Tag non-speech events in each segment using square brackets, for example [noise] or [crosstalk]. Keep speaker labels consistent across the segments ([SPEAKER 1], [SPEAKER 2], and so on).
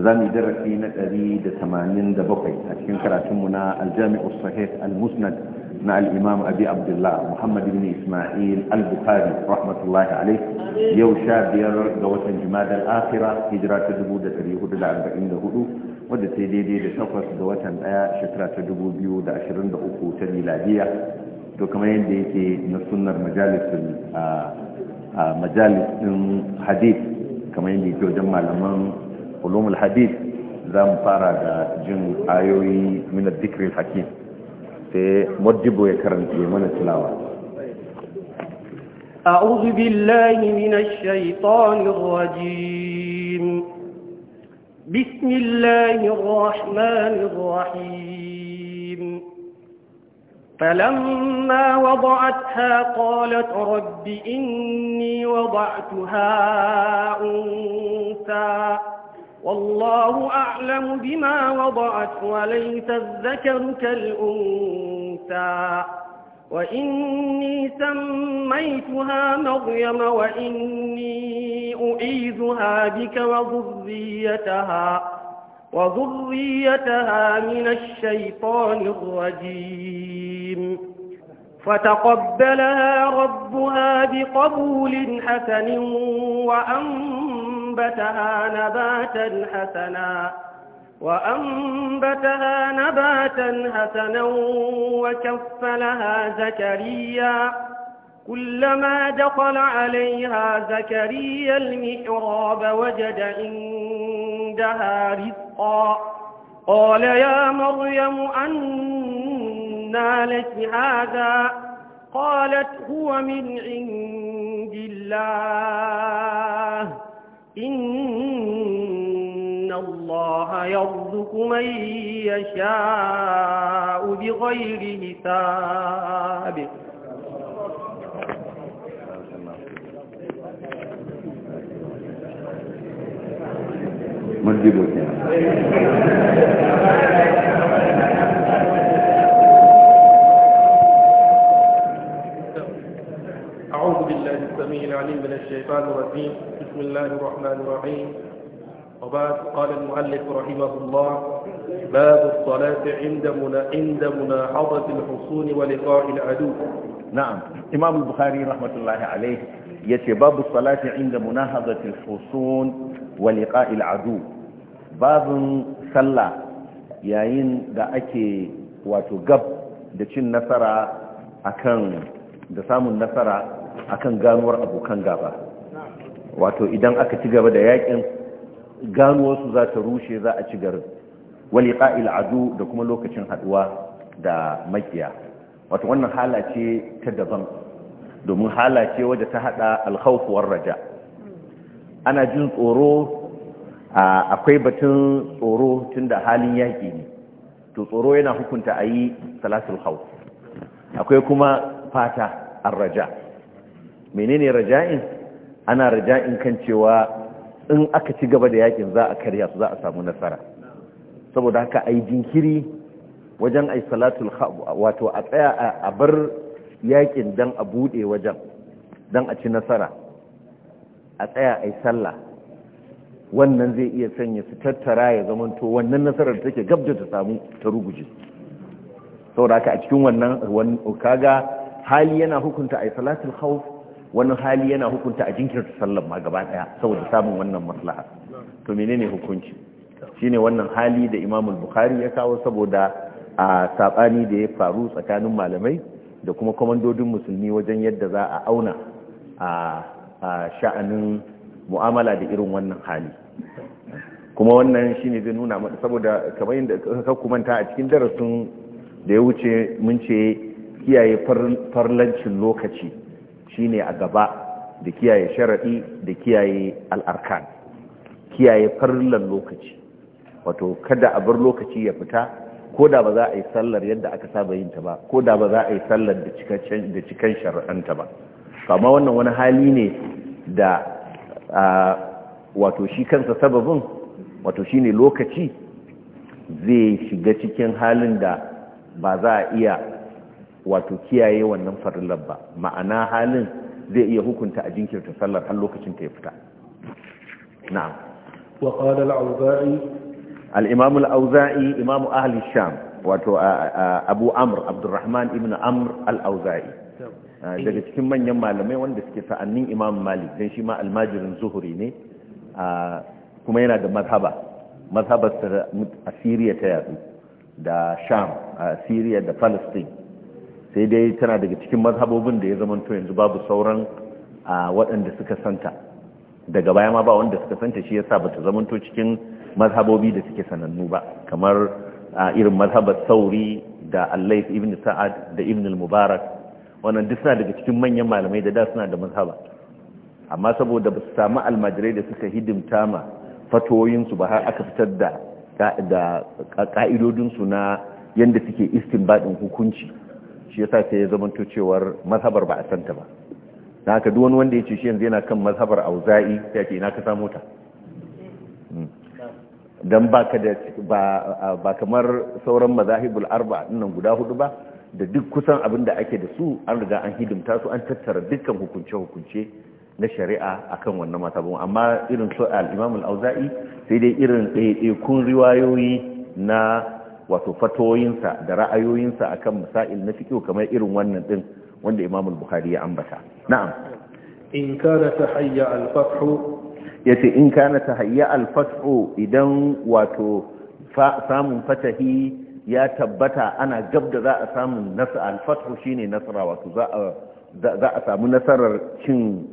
[SPEAKER 1] za mu darasi na 187 a cikin karatunmu na aljami'u sahih al-musnad na al-imam abi abdullah muhammad ibn isma'il al-bukhari rahmatullahi alayh yau sha biyar ga watan jumadal akhira hijira ta 1444 wadda sai daidai da takwas ga watan daya shekara ta dubu biyu da ashirin da uku ta miladiya to kamar yadda yake na sunnar majalisun a majalis hadith kamar yadda yake wajen malaman علوم الحديث زم فارا دا جن آيوي من الذكر الحكيم في مرجبو يكرن في من التلاوة
[SPEAKER 2] أعوذ بالله من الشيطان الرجيم بسم الله الرحمن الرحيم فلما وضعتها قالت رب إني وضعتها أنثى والله أعلم بما وضعت وليس الذكر كالأنثى وإني سميتها مريم وإني أعيذها بك وذريتها وذريتها من الشيطان الرجيم فتقبلها ربها بقبول حسن وأنبتها وأنبتها نباتا حسنا وأنبتها نباتا حسنا وكفلها زكريا كلما دخل عليها زكريا المحراب وجد عندها رزقا قال يا مريم أنى لك هذا قالت هو من عند الله إن الله يرزق من يشاء بغير حساب
[SPEAKER 3] ما تجيبوا
[SPEAKER 4] العليم من الشيطان الرجيم بسم الله الرحمن الرحيم وبعد قال المؤلف رحمه الله باب الصلاة عند منا عند ملاحظة الحصون ولقاء العدو
[SPEAKER 1] نعم إمام البخاري رحمة الله عليه يتي باب الصلاة عند مناهضة الحصون ولقاء العدو باب صلى يعين دا أكي واتو قب دا cin نصرا أكن دا samun nasara a kan ganuwar abokan gaba wato idan aka ci gaba da yakin ganuwarsu za ta rushe za a ci garin wali ƙa'il adu da kuma lokacin haduwa da makiya wato wannan halace ta daban domin halace ce ta hada alhaufuwar raja ana jin tsoro akwai batun tsoro tunda halin yaƙi ne to tsoro yana hukunta ayi yi salatul khawf akwai kuma fata arraja menene raja'in ana raja'in kan cewa in aka ci gaba da yakin za a karya su za a samu nasara saboda haka ai jinkiri wajen ai salatul wato a tsaya a bar yakin dan a bude wajen dan a ci nasara a tsaya ai sallah wannan zai iya sanya su tattara ya zamanto wannan nasarar da take gabda ta samu ta ruguje saboda haka a cikin wannan kaga hali yana hukunta ai salatul khawf wani hali yana hukunta a jinkirta sallar ma gaba daya saboda samun wannan maslaha to menene hukunci shine wannan hali da Imam Bukhari ya kawo saboda a sabani da ya faru tsakanin malamai da kuma komandodin musulmi wajen yadda za a auna a sha'anin mu'amala da irin wannan hali kuma wannan shine zai nuna mata saboda kamar yadda ka kumanta a cikin darasin da ya wuce mun ce kiyaye farlancin lokaci Shi ne a gaba da kiyaye sharaɗi da kiyaye al'arkan kiyaye farlan lokaci wato kada a bar lokaci ya fita ko da ba za a yi sallar yadda aka saba yin ta ba ko da ba za a yi sallar da cikin sharaɗanta ba kama wannan wani hali ne da wato shi kansa sababin wato shi ne lokaci zai shiga cikin halin da ba za a iya wato kiyaye wannan farin labba ma'ana halin zai iya hukunta a jinkirta sallar har lokacin ta ya fita na'am
[SPEAKER 4] wa qala al-auza'i
[SPEAKER 1] al-imam al-auza'i imam ahli sham wato abu amr abdurrahman ibn amr al-auza'i ah, daga cikin manyan malamai wanda suke sa'annin imam malik dan shi ma almajirin zuhuri ne kuma yana da mazhaba mazhabar asiriya ta yadu da sham asiriya da palestine sai dai tana daga cikin mazhabobin da ya zamanto yanzu babu sauran a waɗanda suka santa daga baya ma ba wanda suka santa shi yasa bata zamanto cikin mazhabobi da suke sanannu ba kamar irin mazhabar sauri da allais ibn sa'ad da ibn al-mubarak wannan duk suna daga cikin manyan malamai da da suna da mazhaba amma saboda ba su samu almajirai da suka hidimta ma fatoyinsu ba har aka fitar da ka'idodinsu na yadda suke baɗin hukunci shi sa sai ya to cewar mazhabar ba a santa ba na haka duk wanda ya ce shi yanzu yana kan mazhabar auza'i ya ce ina ka samu ta hmm. don ba da ba kamar sauran mazahibul arba nan guda hudu ba da duk kusan abin da ake da su an riga an hidimta su an tattara dukkan hukunce-hukunce na shari'a akan wannan matabon amma irin so al-imam auzai sai dai irin ɗaiɗaikun riwayoyi na wato fatoyinsa da ra'ayoyinsa a kan misail na fiƙo kamar irin wannan ɗin wanda Imam al ya ambata na'am
[SPEAKER 4] in kana tahayya al-fath
[SPEAKER 1] ce in kana tahayya al-fath idan wato samun fatahi ya tabbata ana gab da za a samu nasar al-fath shine nasara wato za a za samu nasarar cin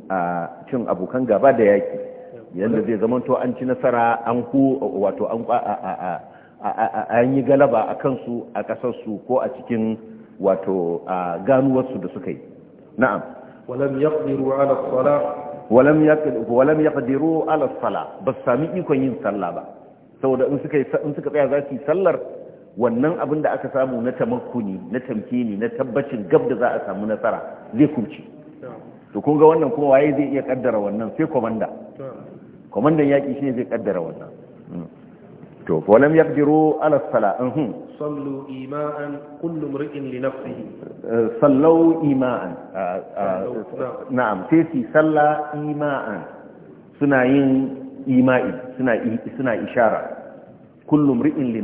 [SPEAKER 1] abokan gaba da yaki yanda zai zamanto an ci nasara an ku wato an an yi galaba a kansu a ƙasarsu ko a cikin wato ganuwarsu da suka yi na'am walam yaqdiru ala salat walam yaqdiru walam yaqdiru ala salat sami ikon yin sallah ba saboda in suka in suka tsaya za su yi sallar wannan abin da aka samu na tamakkuni na tamkini na tabbacin gab da za a samu nasara zai kurci to kun ga wannan kuma waye zai iya kaddara wannan sai komanda komandan yaki shine zai kaddara wannan hmm. to fa lam yaqdiru ala sala uhum
[SPEAKER 4] sallu ima'an kullu mri'in li nafsihi
[SPEAKER 1] eh, sallu ima'an ah, ah, eh, na'am sai su salla ima'an suna yin ima'i suna ishara Kullum mri'in li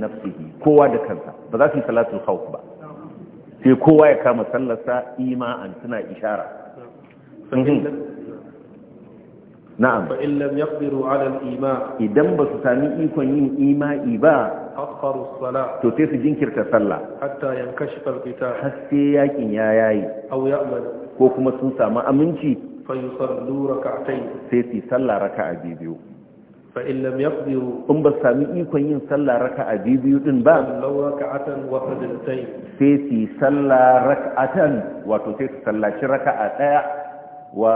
[SPEAKER 1] kowa da kansa ba za su yi salatul khawf ba sai kowa ya kama sallarsa ima'an suna ishara na'am Ba in lam yaqdiru ala al-ima idan ba su sami ikon yin ima'i ba akharu as-salah to sai su jinkirta sallah
[SPEAKER 4] hatta yankashifa al-qital har
[SPEAKER 1] sai yakin ya yayi aw ya'mal ko kuma sun samu aminci fa yusallu rak'atayn sai su sallah raka'a biyu fa in lam yaqdiru in ba su sami ikon yin sallah raka'a biyu din ba law raka'atan wa fadlatayn sai su sallah rak'atan wato sai su sallaci raka'a daya wa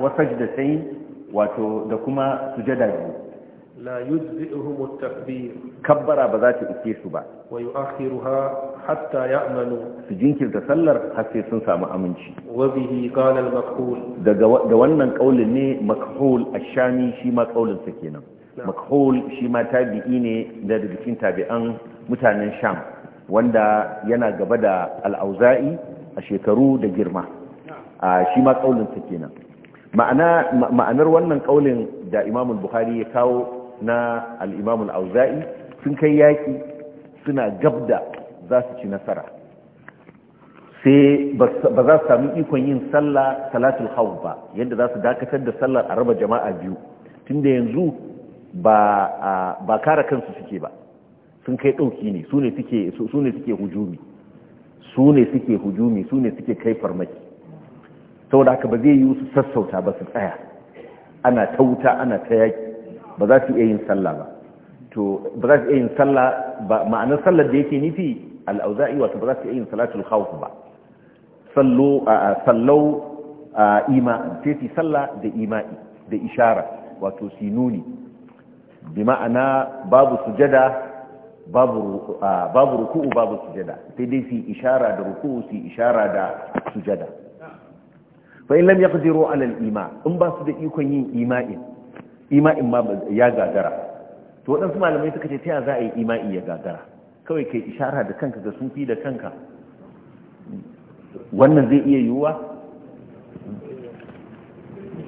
[SPEAKER 1] wa sajdatayn wato da kuma sujada biyu
[SPEAKER 4] la yujzi'uhum at-takbir
[SPEAKER 1] kabbara ba za ta ike su ba
[SPEAKER 4] wa yu'akhiruha hatta ya'manu
[SPEAKER 1] su jinkirta sallar har sai sun samu aminci wa bihi qala al daga da wannan kaulin ne makhul ash-shami shi ma kaulin sa kenan makhul shi ma tabi'i ne da daga cikin tabi'an mutanen sham wanda yana gaba da al-auza'i a shekaru da girma shi ma kaulin sa kenan ma'anar wannan kaulin da imam bukhari ya kawo na al-imam auzai sun kai yaki suna gabda za su ci nasara sai ba za su sami ikon yin sallah salatul hauf ba yadda za su dakatar da sallar a raba jama'a biyu tunda yanzu ba ba kansu suke ba sun kai dauki ne su ne suke hujumi su ne suke hujumi su ne suke kai farmaki sau da haka ba zai yi su sassauta ba su tsaya ana ta wuta ana ta yaki ba za su iya yin sallah ba to ba za su iya yin sallah ba ma'anar sallar da yake nufi al'auza'i wato ba za su iya yin salatul khawf ba sallo sallau ima sai su sallah da ima'i da ishara wato sinuni bi ma'ana babu sujada babu ruku'u babu sujada sai dai su ishara da ruku'u su ishara da sujada fa in lam yaqdiru ala al-ima in ba su da ikon yin ima'in ima'in ma ya gagara to waɗansu malamai suka ce ta za a yi ima'i ya gagara kawai kai ishara da kanka ga sun fi da kanka wannan zai iya yiwuwa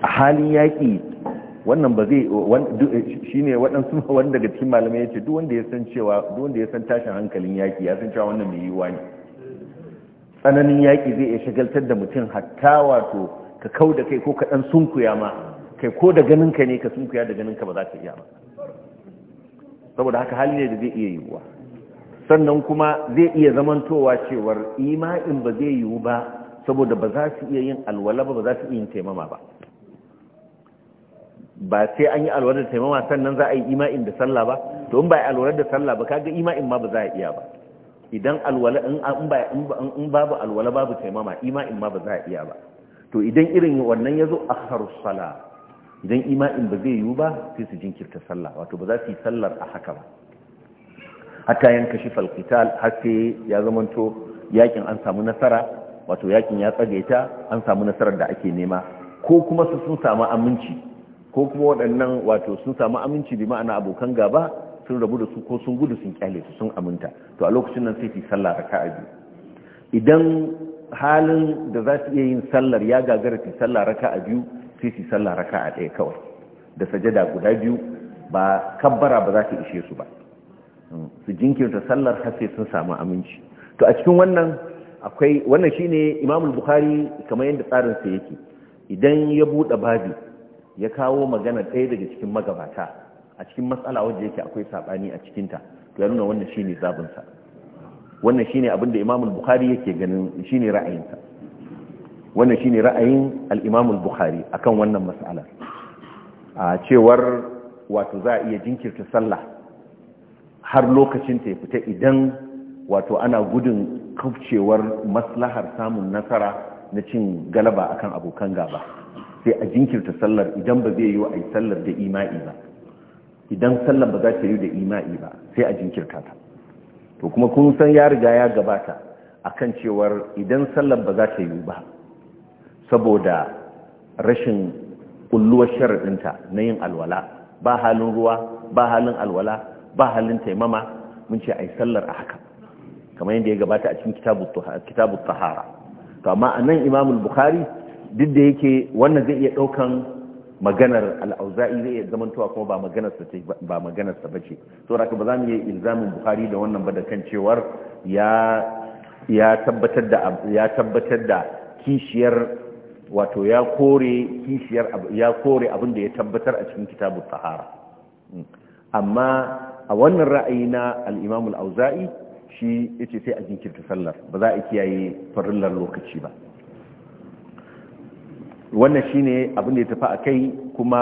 [SPEAKER 1] a halin yaƙi wannan ba zai shi ne waɗansu wanda daga cikin malamai ya ce duk wanda ya san tashin hankalin yaƙi ya san cewa wannan mai yiwuwa ne tsananin yaƙi zai iya shagaltar da mutum hatta wato ka kau da kai ko ka ɗan sunkuya ma kai ko da ganin ka ne ka sunkuya da ganin ka ba za ka iya ba saboda haka hali ne da zai iya yiwuwa sannan kuma zai iya zamantowa cewar ima'in ba zai yiwu ba saboda ba za su iya yin alwala ba ba za su iya yin taimama ba ba sai an yi alwala da taimama sannan za a yi ima'in da sallah ba to in ba yi alwala da sallah ba kaga ima'in ma ba za a iya ba idan alwala in babu alwala babu taimama ima'in ma ba za a iya ba to idan irin wannan ya zo a harsala idan ima'in ba zai yiwu ba sai su jinkirta sallah wato ba za su yi sallar a haka ba hatta yanka shi falkital har sai ya zamanto yakin an samu nasara wato yakin ya tsagaita an samu nasarar da ake nema ko kuma su sun samu aminci ko kuma waɗannan wato sun samu aminci bi ma'ana abokan gaba sun rabu da su ko sun gudu sun kyale su sun aminta to a lokacin nan sai ki sallah raka'a biyu idan halin da za su iya yin sallar ya gagara ki sallah raka'a biyu sai ki sallah raka'a ɗaya kawai da sajada guda biyu ba kabbara ba za ta ishe su ba su jinkirta sallar har sai sun samu aminci to a cikin wannan akwai wannan shine Imam Bukhari kamar yadda tsarin sa yake idan ya bude babi ya kawo magana ɗaya daga cikin magabata a cikin matsala wanda yake akwai saɓani a cikinta, ta to ya nuna wannan shine zabin sa wannan shine abin da Imam al-Bukhari yake ganin shine ra'ayin sa wannan shine ra'ayin al-Imam al-Bukhari akan wannan mas'ala a cewar wato za a iya jinkirta sallah har lokacin ta fita idan wato ana gudun kaucewar maslahar samun nasara na cin galaba akan abokan gaba sai a jinkirta sallar idan ba zai yi wa a sallar da ima'i ba idan sallar ba za ta yi da ima'i ba sai a jinkirta ta to kuma kun san ya riga ya gabata akan cewar idan sallar ba za ta yi ba saboda rashin kulluwar sharaɗinta na yin alwala ba halin ruwa ba halin alwala ba halin taimama mun ce a yi sallar a haka kamar yadda ya gabata a cikin kitabu tahara to amma a nan imamul bukhari duk da yake wannan zai iya ɗaukan maganar al'auza'i zai iya zamantowa kuma ba maganarsa ce ba maganar ba ce to raka ba za mu yi ilzamin buhari da wannan ba da kan cewar ya ya tabbatar da ya tabbatar da kishiyar wato ya kore kishiyar ya kore abin da ya tabbatar a cikin kitabut tahara hmm. amma a wannan ra'ayi na al-imam al-auza'i shi yace sai a jinkirta sallar ba za a kiyaye farillar lokaci ba wannan shine abin da ya tafi a kai kuma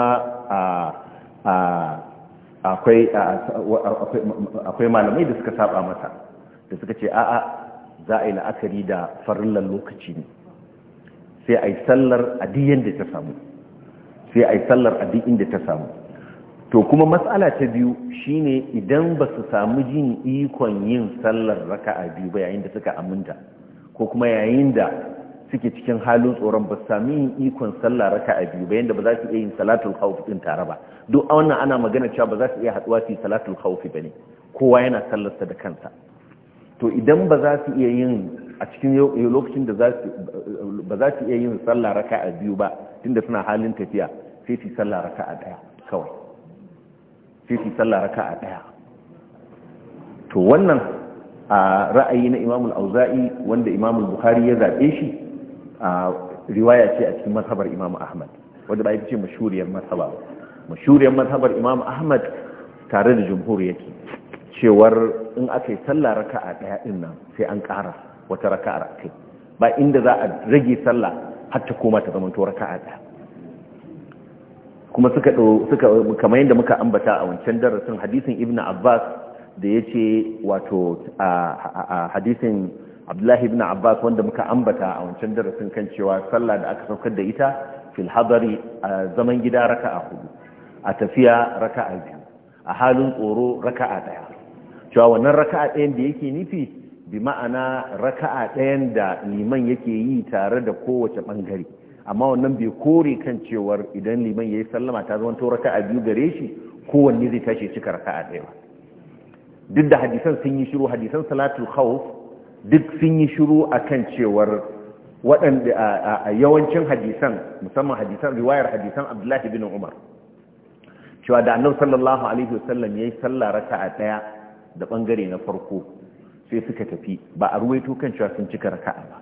[SPEAKER 1] akwai malamai da suka saba masa da suka ce a'a za a yi la'akari da farillar lokaci ne sai a yi sallar adiyyar da ta samu sai a yi sallar adiyyar da ta samu to kuma matsala ta biyu shi ne idan ba su samu jin ikon yin sallar raka a biyu ba yayin da suka aminta ko kuma yayin da suke cikin halin tsoron ba su sami yin ikon sallah raka a biyu bayan da ba za su iya yin salatul khawf din tare ba duk a wannan ana magana cewa ba za su iya haduwa su yi salatul khawf bane kowa yana sallarsa da kansa to idan ba za su iya yin a cikin lokacin da ba za su iya yin sallah raka a biyu ba tunda suna halin tafiya sai su sallah raka a daya kawai sai su sallah raka a daya to wannan a ra'ayi na imamul auza'i wanda imamul bukhari ya zaɓe shi riwaya ce a cikin mazhabar imam ahmad wadda ba ita ce mashuriyar mazhaba ba mashuriyar mazhabar imam ahmad tare da jumhur yake cewar in aka yi sallah raka'a daya din nan sai an ƙara wata a akai ba inda za a rage sallah har ta koma ta zama to raka'a daya kuma suka suka kamar yadda muka ambata a wancan darasin hadisin ibnu abbas da yace wato a hadisin abdullahi ibn abbas wanda muka ambata a wancan darasin kan cewa sallah da aka saukar da ita fil hadari a zaman gida raka'a hudu a tafiya raka'a biyu a halin tsoro raka'a daya cewa wannan raka'a ɗayan da yake nufi bi ma'ana raka'a ɗayan da liman yake yi tare da kowace bangare amma wannan bai kore kan cewar idan liman ya yi sallama ta zama to raka'a biyu gare shi kowanne zai tashi cika raka'a ɗaya ba duk da hadisan sun yi shiru hadisan salatul khawf duk sun yi shiru kan cewar waɗanda a yawancin hadisan musamman hadisan riwayar hadisan abdullahi bin umar cewa da annabu sallallahu alaihi wasallam yayi sallah a daya da bangare na farko sai suka tafi ba a ruwaito kan cewa sun cika raka'a ba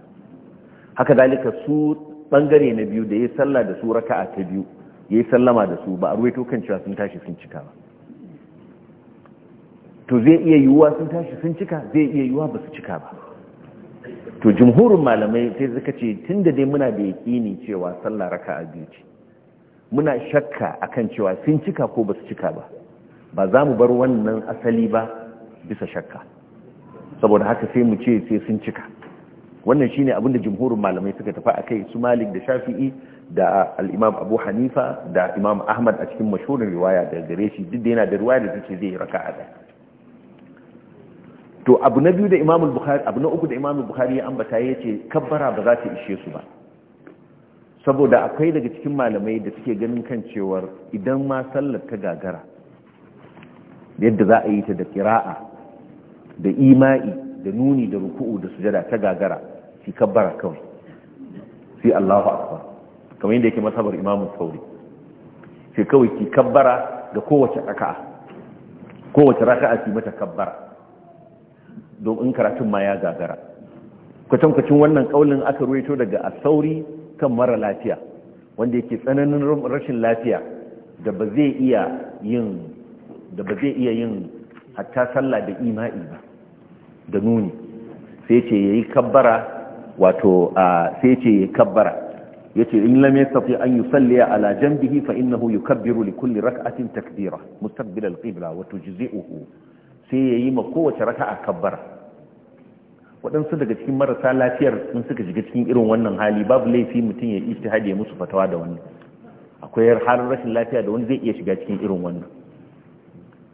[SPEAKER 1] haka dalika su bangare na biyu da ya sallah da su raka'a ta biyu ya yi sallama da su ba a ruwaito kan cewa sun tashi sun cika ba to zai iya yiwuwa sun tashi sun cika zai iya yiwuwa ba su cika ba to jumhurin malamai sai suka ce tun da dai muna da yaƙini cewa sallah raka a biyu ce muna shakka akan cewa sun cika ko ba su cika ba ba za mu bar wannan asali ba bisa shakka saboda haka sai mu ce sai sun cika wannan shine abin da jumhurin malamai suka tafi kai su Malik da Shafi'i da alimam Abu Hanifa da Imam Ahmad a cikin mashhurin riwaya da gare shi duk da yana da riwaya da take zai raka a ɗaya to abu na biyu da imamul bukhari abu na uku da imamul bukhari ya ambata ya ce kabbara ba za ta ishe su ba saboda akwai daga cikin malamai da suke ganin kan cewar idan ma sallar ta gagara yadda za a yi ta da kira'a da ima'i da nuni da ruku'u da sujada ta gagara fi kabbara kawai fi Allahu akbar kamar yadda yake masabar imamu sauri sai kawai ki kabbara da kowace raka'a kowace raka'a ki mata kabbara domin karatun ma ya gagara kwatankwacin wannan kaulin aka ruwaito daga sauri kan mara lafiya wanda yake tsananin rashin lafiya da ba zai iya yin hatta sallah da ima'i ba da nuni sai ce ya yi kabbara wato sai ce ya yayi kabbara yace in lam yastati an yusalli ala janbihi fa innahu yukabbiru li kulli rak'atin takbira mustaqbil qibla wa tujzi'uhu sai ya yi ma kowace raka a kabbara waɗansu daga cikin marasa lafiyar sun suka shiga cikin irin wannan hali babu laifi mutum ya ijtihadi ya musu fatawa da wannan akwai halin rashin lafiya da wani zai iya shiga cikin irin wannan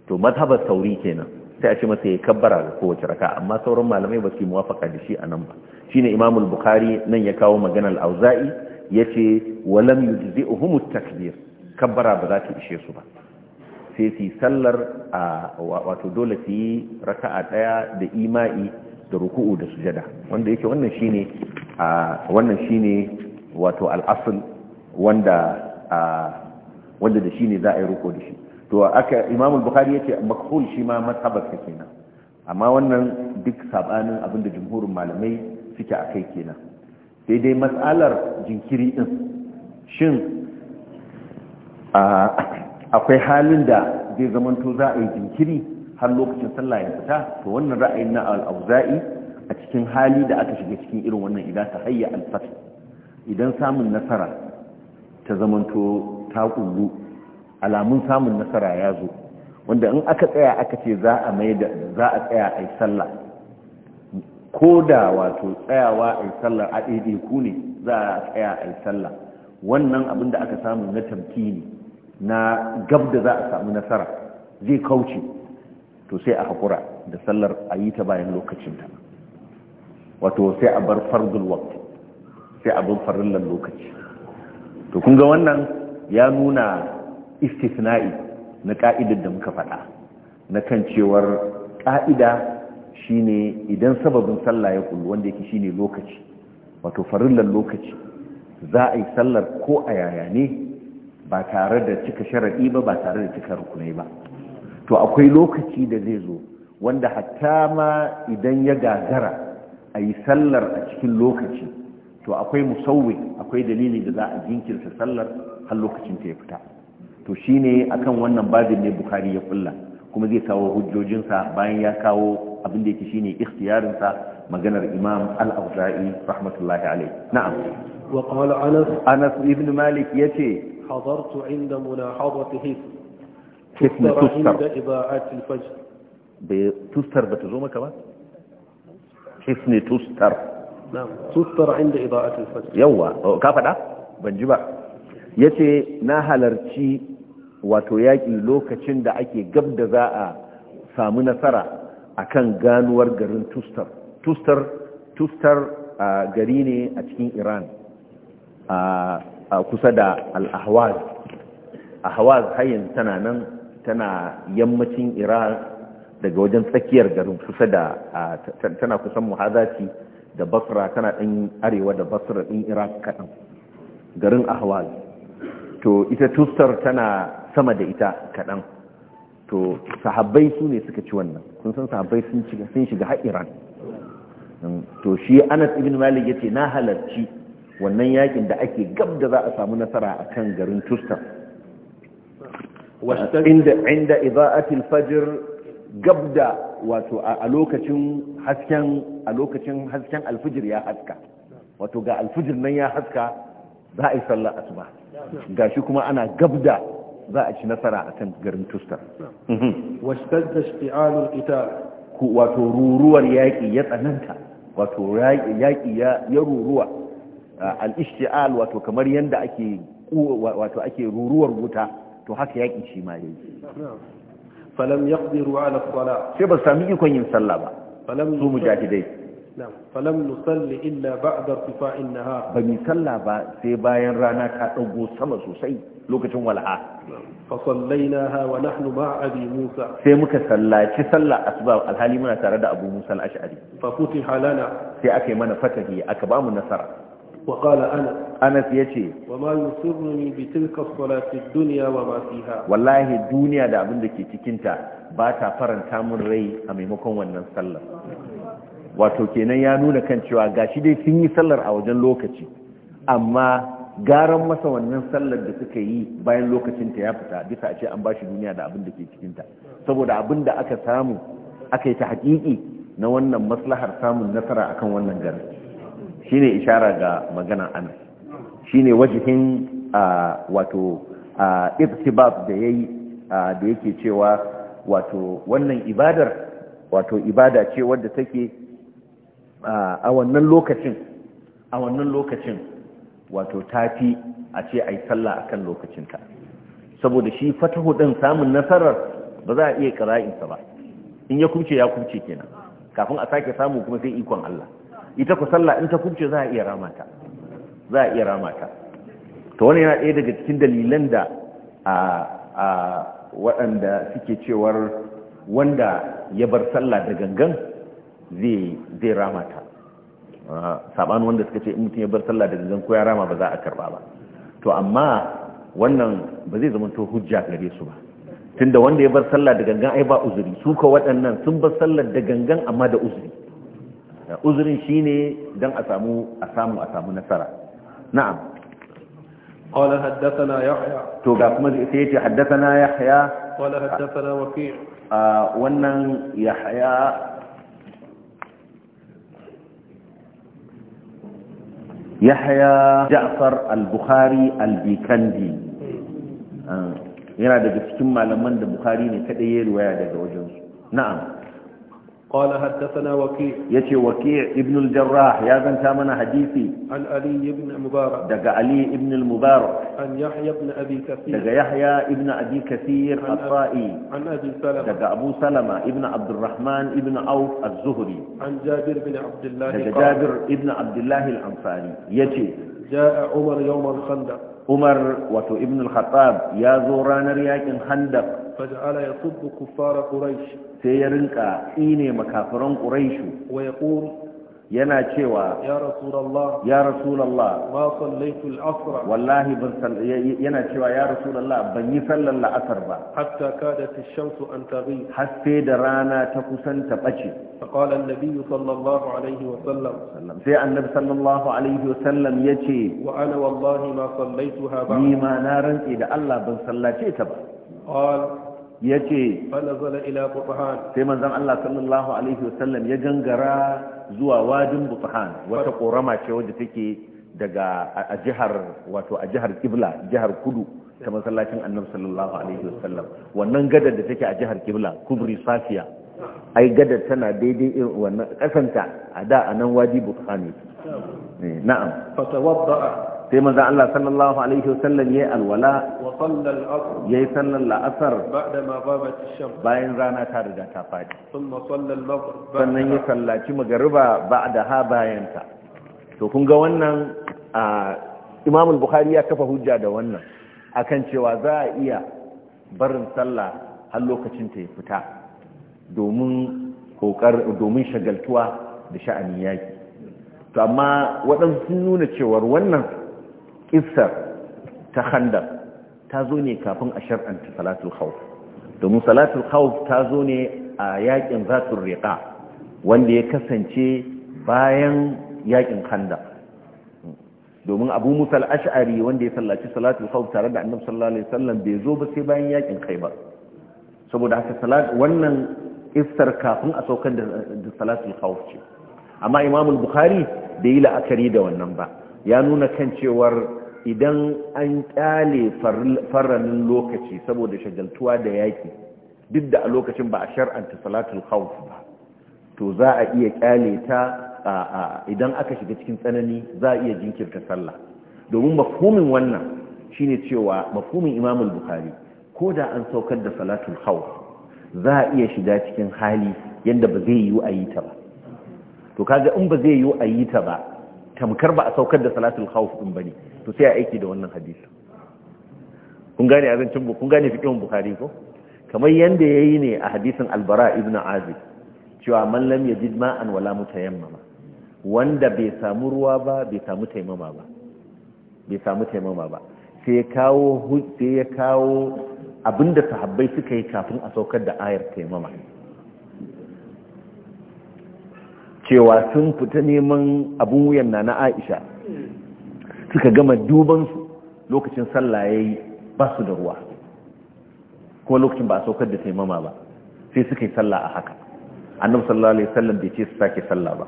[SPEAKER 1] to mazhabar sauri kenan sai a ce masa ya kabbara ga kowace raka amma sauran malamai ba su muwafaka da shi a nan ba shi ne imamul bukhari nan ya kawo maganar Auza'i yace walam yujzi'uhum at-takbir kabbara ba za ta ishe su ba sai su sallar a wato dole su yi raka'a ɗaya da ima'i da ruku'u da sujada wanda yake wannan shine a wannan shine wato al'asul wanda a wanda da shine za a yi ruku da shi to aka imamul bukari yake yace makhul shi ma mazhabar ka kenan amma wannan duk sabanin abinda jumhurin malamai suke a kai kenan sai dai mas'alar jinkiri din shin akwai halin da zai zamanto za a yi jinkiri har lokacin sallah ya fita to wannan ra'ayin na al-auza'i a cikin hali da aka shiga cikin irin wannan idan ta hayya al idan samun nasara ta zamanto ta kullu alamun samun nasara ya zo wanda in aka tsaya aka ce za a mai da za a tsaya a yi sallah ko da wato tsayawa a yi sallah a ɗaiɗaiku ne za a tsaya a yi sallah wannan abin da aka samu na tamkini na gab da za a samu nasara zai kauce to sai a hakura da sallar a yi ta bayan lokacinta wato sai a bar fardul waqt sai a bar farillan lokaci to kun ga wannan ya nuna istisna'i na ƙa'idar da muka faɗa na kan cewar ka'ida shine idan sababin sallah ya kullu wanda yake shine lokaci wato farillan lokaci za a yi sallar ko a yaya ne ba tare da cika sharaɗi ba ba tare da cika rukunai ba to akwai lokaci da zai zo wanda hatta ma idan ya gagara a yi sallar a cikin lokaci to akwai musawwi akwai dalili da za a jinkirta sallar har lokacin ta ya fita to shine akan wannan babin ne bukari ya kulla kuma zai kawo hujjojinsa bayan ya kawo abin da yake shine ikhtiyarinsa maganar imam al-auza'i rahmatullahi alaihi na'am wa
[SPEAKER 4] qala anas anas ibn malik yace حضرت عند ملاحظة
[SPEAKER 1] حسن تستر عند
[SPEAKER 4] إباعات الفجر تستر بتزومك ما
[SPEAKER 1] حسن تستر
[SPEAKER 4] نعم تستر عند إباعات الفجر
[SPEAKER 1] يوا كافة ده بنجبا yace na halarci wato yaƙi lokacin da ake gab da za a samu nasara a kan ganuwar garin tustar tustar tustar gari ne a cikin iran a A kusa da al-ahwaz ahwaz hayyan tana nan tana yammacin iran daga wajen tsakiyar garin kusa da tana kusan muhazati da basra tana ɗan arewa da basra ɗin iraq kaɗan garin ahwaz to ita tustar tana sama da ita kaɗan to sahabbai su ne suka ci wannan kun san sahabbai sun shiga har iran to shi anas ibn malik ya ce na halarci wannan yakin da ake gab da za a samu nasara a kan garin tustan inda iza'atil fajir gab da wato a lokacin hasken a lokacin hasken alfijir ya haska wato ga alfijir nan ya haska za a yi sallar asuba ga shi kuma ana gab da za a ci nasara a kan garin tustan mhm.
[SPEAKER 4] washtadda shi'alul ita
[SPEAKER 1] wato ruruwar yaƙi ya tsananta wato yaƙi ya ruruwa al-ishti'al wato kamar yadda ake ake ruruwar wuta to haka yaki shi ma yayi falam
[SPEAKER 4] yaqdiru ruwa na salah
[SPEAKER 1] sai ba sami ikon yin sallah ba falam su dai. falam nusalli illa ba'da irtifa'in nahar ba mi sallah ba sai bayan rana ta dago sama sosai lokacin wal'a fa sallainaha
[SPEAKER 4] wa nahnu ma'a abi musa
[SPEAKER 1] sai muka sallaci sallah asbab alhali muna tare da abu musa al-ash'ari
[SPEAKER 4] fa futiha halana.
[SPEAKER 1] sai aka yi mana fatahi aka ba mu nasara
[SPEAKER 4] وقال انا
[SPEAKER 1] أنا يتي
[SPEAKER 4] وما يسرني بتلك الصلاة الدنيا وما فيها والله
[SPEAKER 1] الدنيا دا cikin ta ba ta faranta mun rai a maimakon wannan sallar. wato kenan ya nuna kan cewa gashi dai sun yi sallar a wajen lokaci amma garan masa wannan sallar da suka yi bayan lokacin ta ya fita bisa a ce an bashi duniya da abin da ke cikinta saboda abin da aka samu aka yi ta hakiki na wannan maslahar samun nasara akan wannan garin shine ishara ga magana anas shine wajihin wato ibtibat da yayi da yake cewa wato wannan ibadar wato ibada ce wadda take a wannan lokacin a wannan lokacin wato tafi a ce ai sallah akan lokacinta saboda shi fatahu din samun nasarar ba za a iya ƙira'insa ba in ya kuce ya kuce kenan kafin a sake samu kuma sai ikon Allah ita ku sallah in ta kubce za a iya ramata za a iya ramata to wani yana ɗaya daga cikin dalilan da a waɗanda suke cewar wanda ya bar sallah da gangan zai ramata saɓanin wanda suka ce in mutum ya bar sallah da gangan ko ya rama ba za a karɓa ba to amma wannan ba zai zama to hujja gare su ba tunda wanda ya bar sallah da gangan ai ba uzuri su ka waɗannan sun bar sallah da gangan amma da uzuri uzurin ne don a samu a samu a samu nasara na'am
[SPEAKER 4] qala haddathana yahya
[SPEAKER 1] to ga kuma sai yace haddathana yahya qala haddathana waqi' wannan yahya yahya ja'far al-bukhari al-bikandi yana daga cikin malaman da bukhari ne kadai ya riwaya daga wajensu na'am قال حدثنا وكيع يتي وكيع ابن الجراح يا زن تامنا حديثي عن علي بن المبارك دق علي بن المبارك عن يحيى بن أبي كثير دق يحيى بن أبي كثير الطائي عن أبي سلمة دق أبو سلمة ابن عبد الرحمن ابن عوف الزهري
[SPEAKER 4] عن جابر بن عبد الله دق جابر
[SPEAKER 1] ابن عبد الله الأنصاري يتي جاء عمر يوم الخندق umar wato ibn al ya zo ranar yakin handaq
[SPEAKER 4] faj'ala yasubbu kuffara quraish
[SPEAKER 1] sai ya rinka tsine makafiran quraish wa yaqul yana cewa ya
[SPEAKER 4] rasulallah. ya rasulullah ma
[SPEAKER 1] sallaitu al-asr wallahi ban yana cewa ya rasulullah ban yi sallar la'asar ba
[SPEAKER 4] hatta kadat ash-shamsu an taghi haske da rana ta kusan ta bace qala an-nabi sallallahu alaihi wa sallam sai annabi sallallahu alaihi wa sallam yace wa ana wallahi ma sallaituha
[SPEAKER 1] ba ni ma na rantsi da Allah ban sallace ta ba qala
[SPEAKER 4] ya ce
[SPEAKER 1] sai manzan Allah sallallahu Alaihi wasallam ya gangara zuwa wadin butuhan wata korama ce wadda take daga a jihar wato a jihar kibla jihar kudu ta masallacin annabi sallallahu Alaihi wasallam wannan gadar da take a jihar kibla kubri safiya ai gadar tana daidai irin wannan kasanta a da a nan wadi
[SPEAKER 4] ne na'am eh,
[SPEAKER 1] sai maza Allah sallallahu alaihi wasallam yayi alwala
[SPEAKER 4] wa sallal asr yayi sallar la'asar bayan rana ta riga ta faɗi sannan ya
[SPEAKER 1] sallaci magriba ba'da ha bayan to kun ga wannan Imam al-Bukhari ya kafa hujja da wannan akan cewa za a iya barin sallah har lokacin ta ya fita domin shagaltuwa da shaani yaki to amma waɗansu sun nuna cewar wannan kissar ta khandar ta zo ne kafin a shar'anta salatul khawf domin salatul khawf ta zo ne a yakin zatun rika wanda ya kasance bayan yakin kanda domin abu musa al'ash'ari wanda ya sallaci salatul khawf tare da annabi sallallahu alaihi wasallam bai zo ba sai bayan yakin khaybar saboda haka salat wannan iftar kafin a saukar da salatul khawf ce amma imamul bukhari bai yi la'akari da wannan ba ya nuna kan cewar idan an kyale faranin lokaci saboda shagaltuwa da yaki duk da a lokacin ba a shar'anta salatul khawf ba to za a iya kyale ta idan aka shiga cikin tsanani za a iya jinkirta sallah domin mafhumin wannan shine cewa mafhumin Imam al-Bukhari ko da an saukar da salatul khawf za a iya shiga cikin hali yanda ba zai yiwu a yi ta ba to kaga in ba zai yiwu a yi ta ba tamkar ba a saukar da salatul khawf din bane to sai a aiki da wannan hadisi kun gane abincin kun gane fiqhun bukhari ko kamar yanda yayi ne a hadisin albara ibn azib cewa man lam yajid ma'an wala mutayammama wanda bai samu ruwa ba bai samu taimama ba bai taimama ba sai ya kawo sai ya kawo abinda sahabbai suka yi kafin a saukar da ayar taimama cewa sun fita neman abun wuyan na na Aisha suka gama dubansu lokacin sallah ya yi ba su da ruwa ko lokacin ba a saukar da taimama ba sai suka yi sallah a haka annabu sallallahu alaihi wasallam bai ce su sake sallah ba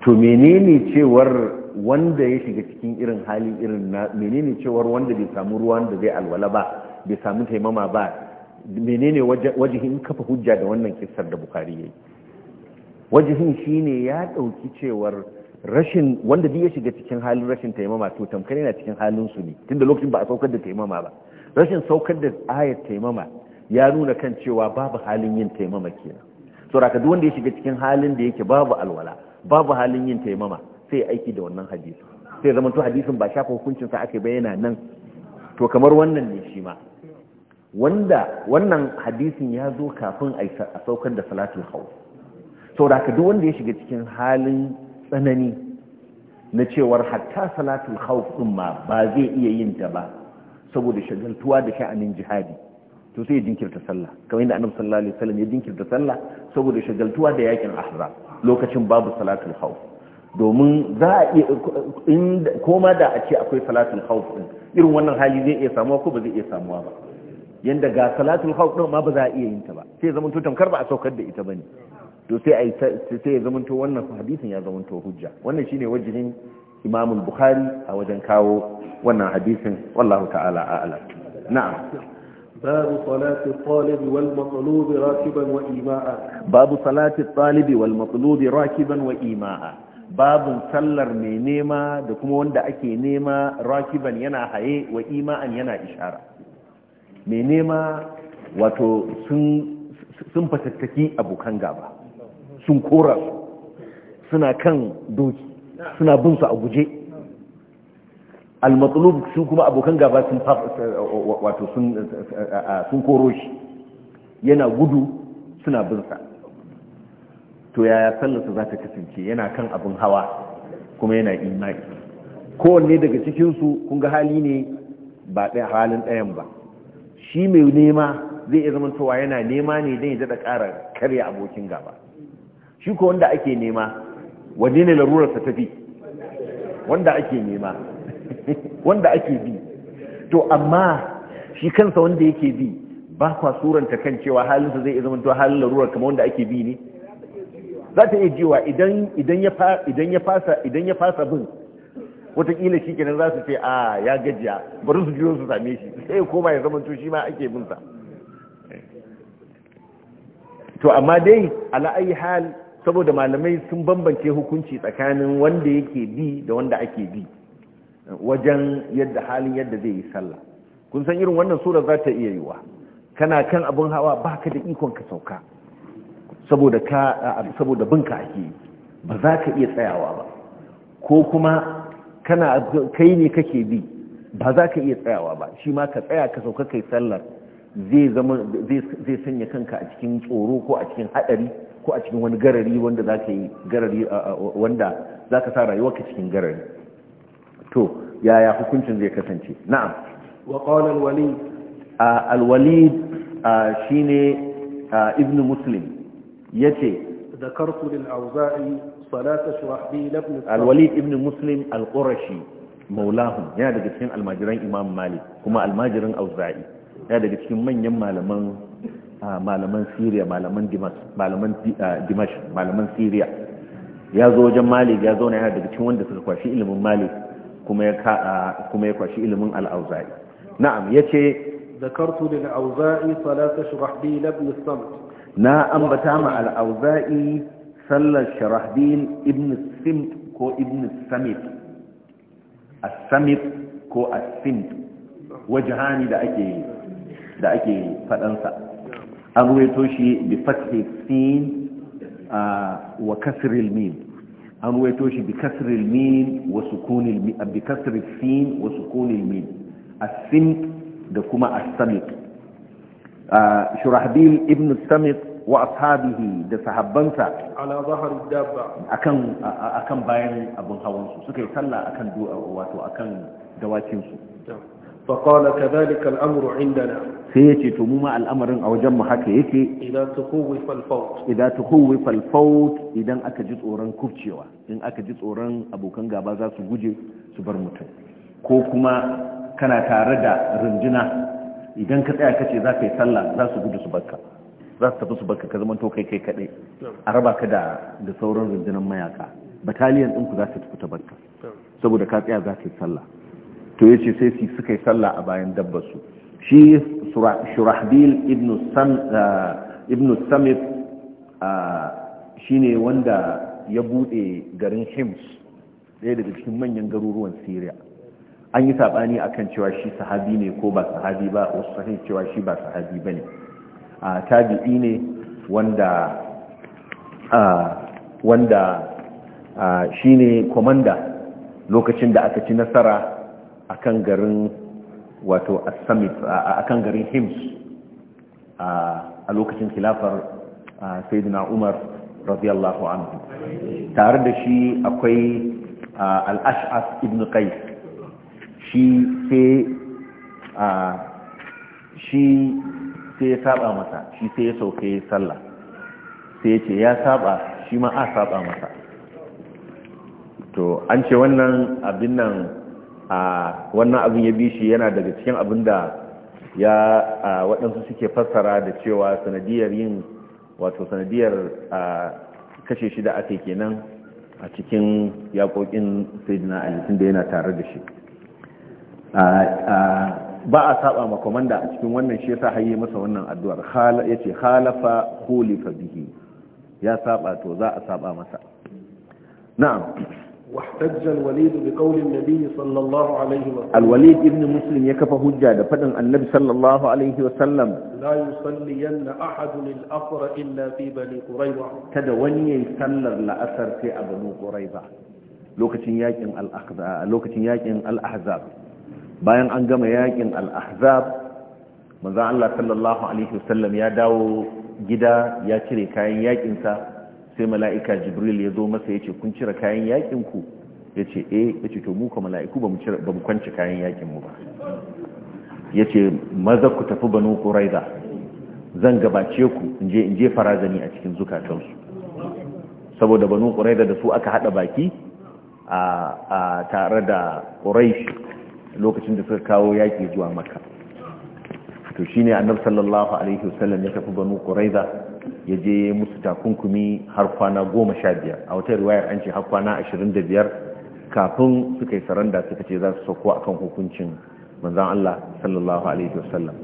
[SPEAKER 1] to menene cewar wanda ya shiga cikin irin hali irin na menene cewar wanda bai samu ruwa da zai alwala ba bai samu taimama ba menene wajihin kafa hujja da wannan kissar da bukari ya yi wajihin shine ya dauki cewar rashin wanda duk ya shiga cikin halin rashin taimama to tamkar yana cikin halin su ne tunda lokacin ba a saukar da taimama ba rashin saukar da ayat taimama ya nuna kan cewa babu halin yin taimama kenan saboda duk wanda ya shiga cikin halin da yake babu alwala babu halin yin taimama sai aiki da wannan hadisi sai zama to hadisin ba shafa hukuncin sa aka bayyana nan to kamar wannan ne shi ma wanda wannan hadisin ya zo kafin a saukar da salatul khawf saboda duk wanda ya shiga cikin halin tsanani na cewar hatta salatul khawf din ma ba zai iya yin ta ba saboda shagaltuwa da sha'anin jihadi to sai ya jinkirta sallah kamar yadda annabi sallallahu alaihi wasallam ya jinkirta sallah saboda shagaltuwa da yakin ahzab lokacin babu salatul khawf domin za a iya in koma da a ce akwai salatul khawf din irin wannan hali zai iya samuwa ko ba zai iya samuwa ba yanda ga salatul khawf din ma ba za a iya yin ta ba sai zaman to kar ba a saukar da ita bane dosai sai a yi ya zamanto wannan hadisin ya zamanto hujja wannan shine wajihin imam bukhari a wajen kawo wannan hadisin wallahu ta'ala a ala na'am babu salati talibi wal matlubi rakiban wa ima'a babu salati talibi wal matlubi rakiban wa ima'a babu sallar mai nema da kuma wanda ake nema rakiban yana haye wa ima'an yana ishara mai nema wato sun sun a abokan gaba sun kora su suna kan doki suna bin su a guje al su kuma abokan gaba sun wato sun koro shi yana gudu suna bin sa to yaya sallarsa za ta kasance yana kan abin hawa kuma yana imani kowanne daga cikinsu kun ga hali ne ba ɗaya halin ɗayan ba shi mai nema zai iya zamantowa yana nema ne don ya daɗa ƙara karya abokin gaba shi ko wanda ake nema waje ne larurarsa tafi wanda ake nema wanda ake bi to amma shi kansa wanda yake bi ba kwa suranta kan cewa halinsa zai zama to halin larurar kamar wanda ake bi ne za ta iya jiwa idan ya fasa idan ya fasa bin watakila shi kenan za su ce a ya gajiya bari su jiyo su same shi sai koma ya zama to shi ma ake bin sa to amma dai ala ayi hal saboda malamai sun bambance hukunci tsakanin wanda yake bi da wanda ake bi wajen yadda halin yadda zai yi sallah kun san irin wannan sura za ta iya yiwa kana kan abin hawa ba ka da ikon ka sauka saboda ka binka ake yi ba za ka iya tsayawa ba ko kuma kana kai ne kake bi ba za ka iya tsayawa ba shi ma ka tsaya ka sauka kai sallar zai sanya kanka a cikin tsoro ko a cikin hadari ko a cikin wani garari wanda za ka yi garari wanda za ka sa rayuwarka cikin garari to yaya hukuncin zai kasance na'am wa
[SPEAKER 4] qala al-walid
[SPEAKER 1] al-walid shine ibn muslim yace
[SPEAKER 4] ذكرت للأوزاعي صلاة شرحبيل ابن الوليد
[SPEAKER 1] ابن مسلم القرشي مولاهم yana daga cikin almajiran imam malik kuma almajiran auza'i yana daga cikin manyan malaman malaman Syria malaman Dimash malaman Dimash malaman Syria ya zo wajen Malik ya zauna yana daga cikin wanda suka kwashi ilimin Malik kuma ya kuma ya kwashi ilimin al-Auza'i na'am yace zakartu
[SPEAKER 4] lil Auza'i salata shurahbil ibn Samt
[SPEAKER 1] na ambata ma al-Auza'i sallar shurahbil ibn Samt ko ibn Samit as-Samit ko as-Samt wajhani da ake da ake fadansa an ruwaito shi bi fathi sin wa kasril mim an ruwaito shi bi kasril mim wa sukunil mim bi kasril sin wa sukunil mim as-sin da kuma as-samit shurahbil ibn as wa ashabihi da sahabbansa ala zahar dabba akan akan bayan abun hawan su suka yi sallah akan wato akan dawakin su فقال كذلك الأمر عندنا سيتي تموما الأمر أو جمع حكي يكي إذا تخوف الفوت إذا تخوف الفوت إذا أكجز أوران كفتشيوا إن أكجز أوران أبو كان غابازا سجوجي سبرمتو كوكما كان تاردا رنجنا إذا كتايا كتي ذاك يسلا ذا سجوجي سبكا za su tafi su baka ka zama to kai kai kaɗai a raba ka da da sauran rundunar mayaka bataliyan ɗinku za su tafi ta barka saboda ka tsaya za ka yi sallah to ya ce sai su suka yi sallah a bayan su shi shurahbil ibn ah, samif ah, shi ne wanda ya bude garin hims ɗaya daga cikin manyan garuruwan syria an yi saɓani akan cewa shi sahabi ne ko ba sahabi ba wasu sahi cewa shi ba sahabi ba ne ah, tabi'i ne wanda wanda shi ne komanda lokacin da aka ci nasara akan garin wato as-samit akan garin hims a lokacin khilafar sayyidina umar radiyallahu anhu tare da shi akwai al-ash'as ibn qais shi sai shi sai ya saba masa shi sai ya sauke sallah sai ya ce ya saba shi ma a saba masa to an ce wannan abin nan a wannan abin ya bi shi yana daga cikin abin da ya waɗansu suke fassara da cewa sanadiyar yin wato sanadiyar kashe shi da ake kenan a cikin yaƙoƙin sayidina alisun da yana tare da shi ba a saba ma a cikin wannan shi yasa yi masa wannan addu'ar yace halafa khulifa bihi ya saba to za a saba masa na'am
[SPEAKER 4] واحتج الوليد بقول النبي صلى الله عليه وسلم الوليد
[SPEAKER 1] ابن مسلم يكفى هجة دفن النبي صلى الله عليه وسلم
[SPEAKER 4] لا يصلين أحد الأثر إلا في بني قريظة كذا
[SPEAKER 1] وني يسلر لأثر في بني قريظة lokacin yakin lokacin yakin al-ahzab bayan an gama yakin al-ahzab manzon Allah sallallahu alaihi wasallam ya dawo gida ya cire kayan yakin sa sai mala'ika jibril ya zo masa ya ce kun cire kayan yakin ku ya ce eh ya ce to mu ka mala'iku ba mu kwanci kayan yakin mu ba ya ce maza ku tafi banu ƙuraiza zan gabace ku in je farazani a cikin zukatansu saboda banu ƙuraiza da su aka haɗa baki a tare da ƙuraish lokacin da suka kawo yaƙi zuwa maka to shi ne sallallahu alaihi wasallam ya tafi banu ya je musu takunkumi har kwana goma sha biyar a wata riwayar an ce har kwana ashirin da biyar kafin suka yi saranda suka ce za su sauko akan hukuncin manzan Allah sallallahu alaihi wasallam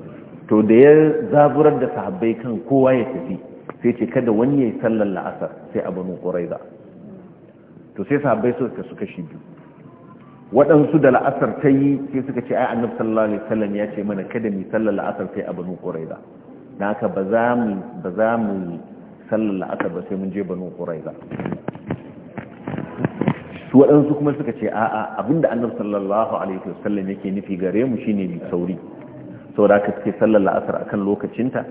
[SPEAKER 1] to da ya zaburar da sahabbai kan kowa ya tafi sai ce kada wani ya yi sallar la'asar sai a banu ƙuraiza to sai sahabbai suka suka shi biyu waɗansu da la'asar ta yi sai suka ce ai annabi sallallahu alaihi wasallam ya ce mana kada mu sallar la'asar sai a banu ƙuraiza da haka ba za mu ba za mu sallar la'asar ba sai mun je banu ba su waɗansu kuma suka ce a'a abinda annabi sallallahu alaihi wasallam yake nufi gare mu shine mai sauri Sau da ka suke sallar la'asar akan lokacinta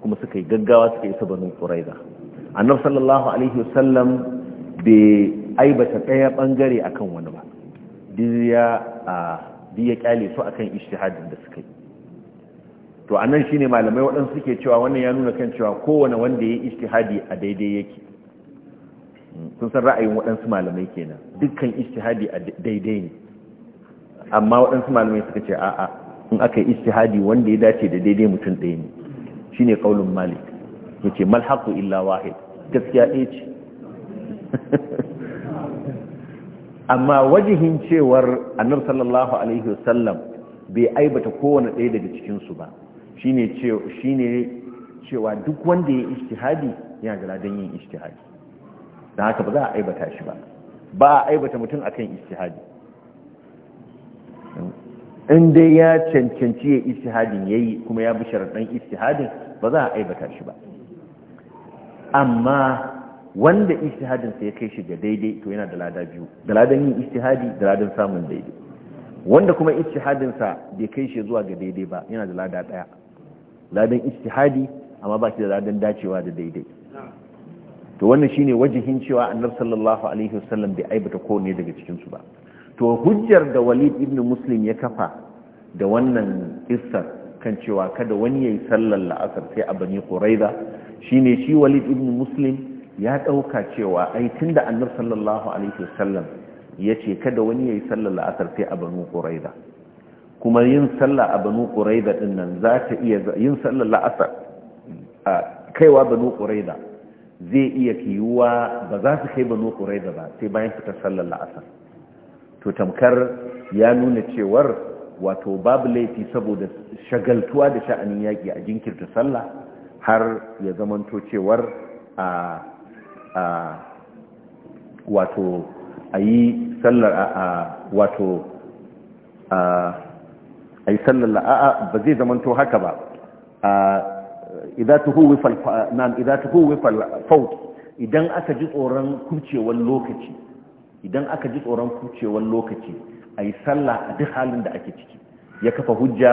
[SPEAKER 1] kuma suka yi gaggawa suka isa banu quraiza annabi sallallahu alaihi wasallam bai aibata ɗaya bangare akan wani ba diya ya kyale su akan ijtihadin da suka yi to anan shine malamai waɗansu suke cewa wannan ya nuna kan cewa kowane wanda ya ijtihadi a daidai yake sun san ra'ayin waɗansu malamai kenan dukkan ijtihadi a daidai ne amma waɗansu malamai suka ce a'a in aka yi ijtihadi wanda ya dace da daidai mutum ɗaya ne shine qaulun malik yace mal haqu illa wahid gaskiya ɗaya ce [laughs] amma wajihin cewar annabi sallallahu alaihi wasallam bai aibata kowane ɗaya daga cikinsu ba shine cewa duk wanda ya ijtihadi yana da ladan yin ijtihadi dan haka ba za a aibata shi ba ba a aibata mutum akan ijtihadi in dai ya cancanci ya ijtihadin yayi kuma ya bi sharadan ijtihadin ba za a aibata shi ba amma wanda ijtihadin ya kai shi ga daidai to yana da lada biyu da ladan yin ijtihadi da ladan samun daidai wanda kuma ijtihadin sa bai kai shi zuwa ga daidai ba yana da lada daya ladan istihadi amma ba shi da ladan dacewa da daidai to wannan shine wajihin cewa annabi sallallahu alaihi wasallam bai aibata ne daga cikin su ba to hujjar da Walid ibn Muslim ya kafa da wannan kissar kan cewa kada wani yayi sallar la'asar sai a Bani Quraiza shine shi Walid ibn Muslim ya dauka cewa ai tunda annabi sallallahu alaihi wasallam ce, kada wani yayi sallar la'asar sai a Bani Quraiza kuma yin sallah a banu ƙuraida ɗin nan za ta iya yin sallah la'asar a kaiwa banu ƙuraida zai iya yiwuwa ba za su kai banu ƙuraida ba sai bayan fitar sallar la'asar to tamkar ya nuna cewar wato babu laifi saboda shagaltuwa da sha'anin yaƙi a jinkirta sallah har ya zamanto cewar a wato a yi sallar a wato a ai sallallahu a'a ba zai zamanto haka ba idza nan idan aka ji tsoron kucewar lokaci idan aka ji tsoron kucewar lokaci ai sallah a duk halin da ake ciki ya kafa hujja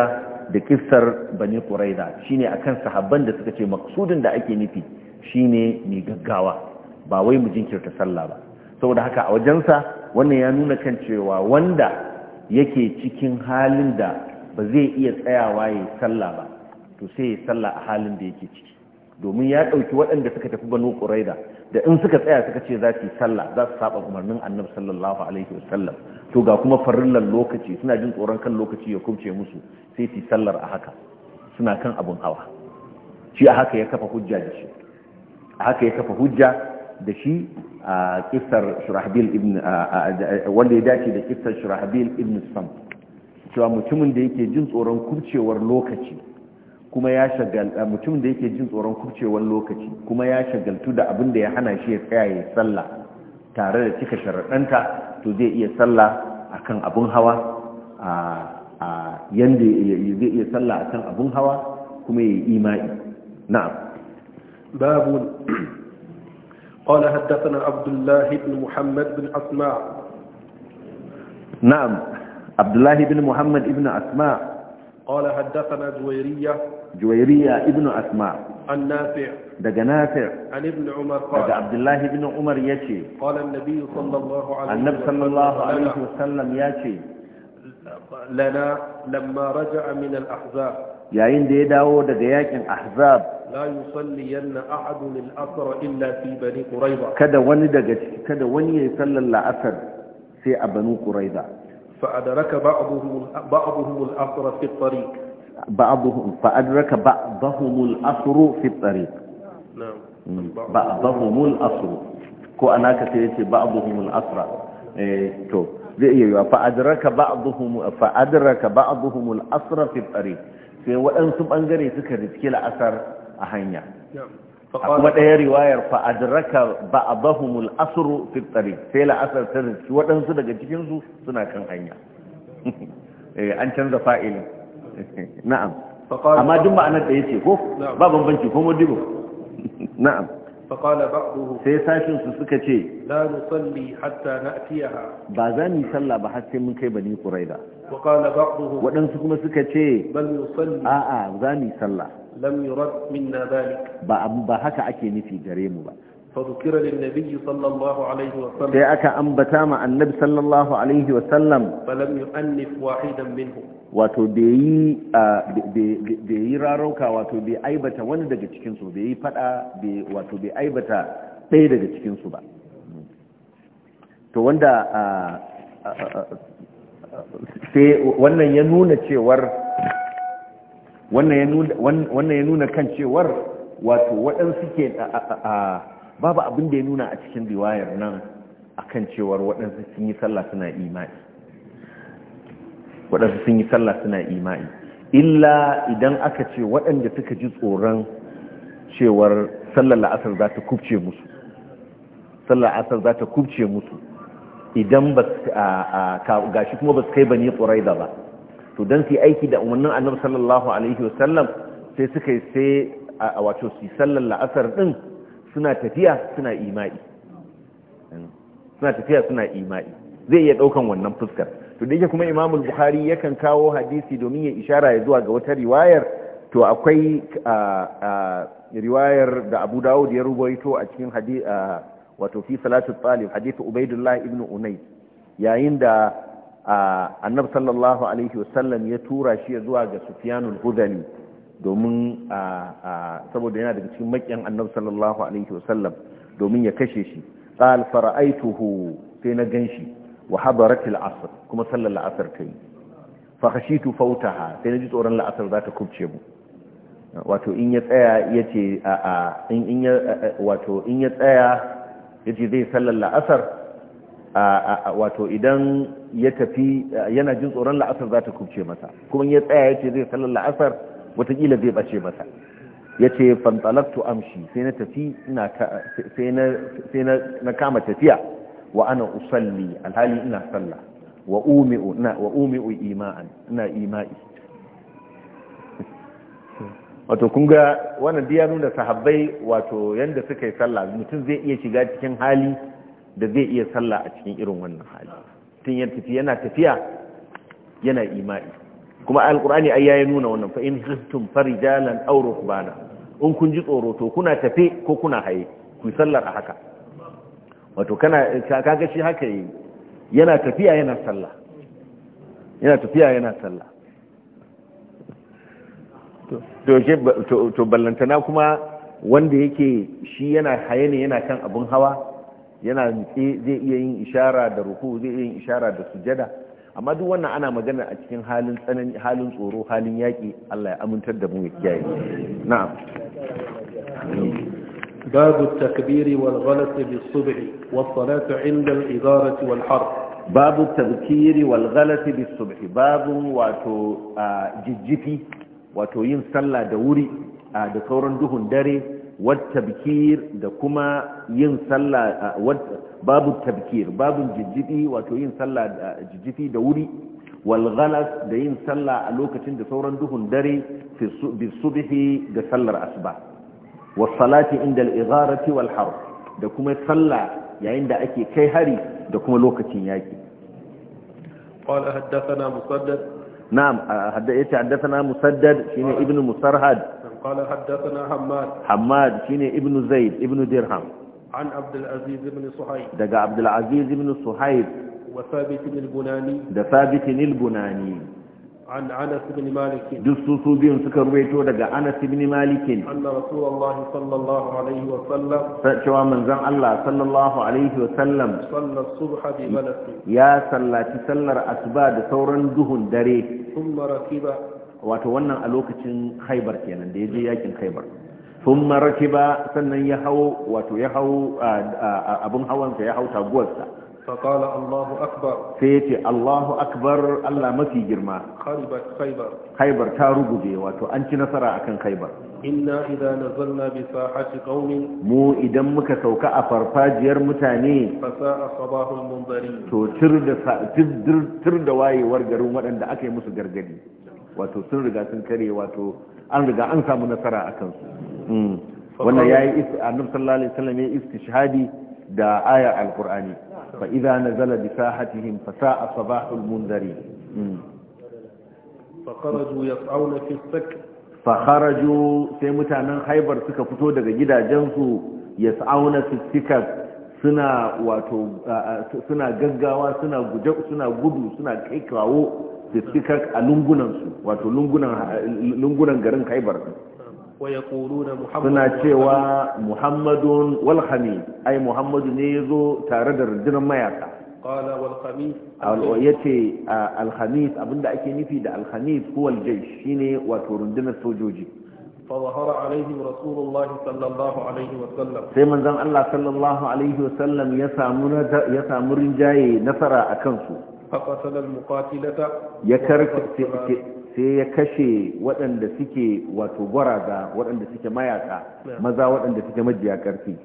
[SPEAKER 1] da kissar bani quraida shine akan sahabban da suka ce maksudin da ake nufi shine mai gaggawa ba wai mu jinkirta sallah ba saboda haka a wajensa wannan ya nuna kan cewa wanda yake cikin halin da ba zai iya tsayawa ya sallah ba to sai ya sallah a halin da yake ciki domin ya ɗauki waɗanda suka tafi banu ƙuraida da in suka tsaya suka ce za su yi sallah za su saba umarnin annabi sallallahu alaihi wasallam to ga kuma farillan lokaci suna jin tsoron kan lokaci ya kumce musu sai su yi sallar a haka suna kan abun hawa shi a haka ya kafa hujja da shi a haka ya kafa hujja da shi a kissar shurahbil ibn wanda ya dace da kissar shurahbil ibn samt cewa mutumin da yake jin tsoron kurcewar lokaci kuma ya shagal mutumin da yake jin tsoron kurcewar lokaci kuma ya shagaltu da abin da ya hana shi ya tsaya ya sallah tare da cika sharaɗanta to zai iya sallah akan abun hawa a yanda zai iya sallah akan abun hawa kuma ya imani na'am
[SPEAKER 4] babu قال حدثنا عبد الله بن محمد بن أسماع
[SPEAKER 1] نعم عبد الله بن محمد ابن أسماء
[SPEAKER 4] قال حدثنا جويرية
[SPEAKER 1] جويرية ابن أسماء
[SPEAKER 4] النافع دق نافع عن ابن عمر قال دق عبد الله بن عمر يشي قال النبي صلى الله عليه وسلم النبي صلى الله عليه وسلم يشي لنا لما رجع من الأحزاب
[SPEAKER 1] yayin da ya dawo daga yakin ahzab
[SPEAKER 4] la yusalliyanna ahadun al-asr illa fi bani quraiza kada
[SPEAKER 1] wani daga kada wani ya sallar la'asar sai a bani quraiza
[SPEAKER 4] فأدرك بعضهم بعضهم الأثر في الطريق
[SPEAKER 1] بعضهم فأدرك بعضهم الأثر في الطريق نعم بعضهم الأثر كو أنا كتبت بعضهم الأثر إيه، تو إيه، فأدرك بعضهم فأدرك بعضهم الأثر في الطريق في وأنتم أنجري تكرت كلا أثر أهينا نعم kuma ɗaya riwayar fa adraka ba'dahum al-asr fi sai la asr ta rinci waɗansu daga cikinsu suna kan hanya an canza fa'ilin na'am amma duk ma'anar da ya ce ko ba bambanci ko modibo na'am
[SPEAKER 4] فقال بعضهم
[SPEAKER 1] sai sashin suka ce
[SPEAKER 4] la nusalli hatta na'tiyaha
[SPEAKER 1] ba za mu yi sallah ba har sai mun kai bani quraida
[SPEAKER 4] wa qala ba'dhum
[SPEAKER 1] wadansu kuma suka ce bal nusalli a'a za mu yi sallah.
[SPEAKER 4] lam yurad
[SPEAKER 1] ba ba haka ake nufi gare mu ba فذكر
[SPEAKER 4] للنبي صلى الله عليه وسلم سيأك
[SPEAKER 1] أنبتا مع wato bai yi raroka wato bai aibata wani daga cikinsu bai yi fada wato bai aibata ɗaya daga cikinsu ba to wanda sai wannan ya nuna cewar wannan ya nuna kan cewar wato waɗansu ke babu abin da ya nuna a cikin riwayar nan a kan cewar waɗansu sun yi sallah suna imai waɗansu sun yi sallah suna imai illa idan aka ce waɗanda suka ji tsoron cewar sallar la'asar za ta kubce musu sallar la'asar za ta kubce musu idan ba gashi kuma ba su kai bani tsorai da ba to don su aiki da umarnin annabi sallallahu alaihi wasallam sai suka yi sai a wato su sallar la'asar din suna tafiya suna imai suna tafiya suna imai zai iya daukan wannan fuskar to da yake kuma imamu bukhari yakan kawo hadisi domin ya ishara ya zuwa ga wata riwayar to akwai riwayar da abu dawud ya rubaito a cikin hadisi wato fi salatu talib hadisi ubaidullah ibn unay yayin da annab sallallahu alaihi wasallam ya tura shi zuwa ga sufiyanul hudani domin saboda yana daga cikin makiyan annab sallallahu alaihi wasallam domin ya kashe shi qal fara'aituhu sai na ganshi wa hadarat al kuma sallar al-asr kai fa khashitu fautaha sai na ji tsoron la'asar za ta kubce mu wato in ya tsaya yace a in ya wato in ya tsaya yace zai sallar la'asar wato idan ya tafi yana jin tsoron la'asar za ta kubce masa kuma ya tsaya ya ce zai sallar la'asar watakila zai bace masa ya ce fantalaktu amshi sai na tafi sai na kama tafiya wa ana usalli alhali ina sallah wa umi'u ima'an ina ima'i [laughs] wato kun ga wannan biya nuna sahabbai wato yadda suka yi sallah mutum zai iya shiga cikin hali da zai iya sallah a cikin irin wannan hali tun yan tafi yana tafiya yana imani kuma alkur'ani ai yayi nuna wannan fa in khiftum farijalan aw rukbana in kun ji tsoro to kuna tafe ko kuna haye ku sallar a haka wato kana kaga shi haka yi yana tafiya yana sallah yana tafiya yana sallah to ballantana kuma wanda yake shi yana haye ne yana kan abun hawa yana nitse zai iya yin ishara da ruku zai iya yin ishara da sujada amma duk wannan ana magana a cikin halin tsanani halin tsoro halin yaƙi Allah ya amintar da mu ya kiyaye na'am babu takbiri wal ghalat bis subhi was salatu inda al idarati wal babu tazkiri wal ghalati bis babu wato jijjifi wato yin sallah da wuri da sauran duhun dare والتبكير da kuma yin sallah babu tabkir babu jijjifi wato yin sallah jijjifi da wuri wal ghalas da yin sallah a lokacin da sauran duhun dare fi subhi da sallar asuba was salati inda al igharati wal harb da kuma sallah yayin da ake kai hari da kuma lokacin yaki
[SPEAKER 4] qala haddathana musaddad
[SPEAKER 1] na'am haddathana musaddad shine ibnu musarhad
[SPEAKER 4] قال حدثنا حماد
[SPEAKER 1] حماد شيني ابن زيد ابن درهم
[SPEAKER 4] عن عبد العزيز بن صهيب دقى عبد العزيز
[SPEAKER 1] بن صهيب
[SPEAKER 4] وثابت البناني ده ثابت
[SPEAKER 1] البناني عن انس بن مالك دسوسو بين سكر ويتو دغا انس بن مالك ان رسول الله صلى الله عليه وسلم فشوا من زن الله صلى الله عليه وسلم صلى الصبح بملك يا صلاتي صلر اسباد ثورن دهن دري ثم ركب wato wannan a lokacin haibar kenan da ya je yakin haibar sun maraki ba sannan ya hau wato ya hau abin hawansa ya hau taguwarsa
[SPEAKER 4] faƙala allahu akbar
[SPEAKER 1] sai ya ce allahu akbar allah mafi girma haibar ta ruguje wato an ci nasara akan haibar
[SPEAKER 4] inna idza nazalna bi sahati qaumin mu
[SPEAKER 1] idan muka sauka a farfajiyar mutane
[SPEAKER 4] fa sa'a sabahul munzari to
[SPEAKER 1] tir da tir da wayewar garin waɗanda aka yi musu gargadi wato sun riga sun kare wato an riga an samu nasara a kansu
[SPEAKER 3] mm. wannan ya yi
[SPEAKER 1] annab sallallahu alaihi wasallam ya istishhadi da aya alqur'ani fa idza nazala bi sahatihim fa sa'a sabahul munzari
[SPEAKER 3] mm.
[SPEAKER 4] fa kharaju yas'auna fi sakr
[SPEAKER 1] fa kharaju sai mutanen haibar suka fito daga gidajensu ya fi sakr suna wato suna gaggawa suna guje suna gudu suna kai kawo da a lungunansu wato lungunan garin khaibar
[SPEAKER 4] suna cewa
[SPEAKER 1] muhammadun walhami ai muhammadu ne ya zo tare da rundunar mayaka ya ce alhamis abinda ake nufi da alhamis kowal jai ne wato rundunar sojoji
[SPEAKER 4] فظهر عليهم رسول sai
[SPEAKER 1] manzon Allah sallallahu alaihi wasallam ya samu ya samu rinjaye nasara a kansu.
[SPEAKER 4] فقتل المقاتلة
[SPEAKER 1] sai ya kashe waɗanda suke wato gwaraza waɗanda suke mayaka maza waɗanda suke majiya ƙarfi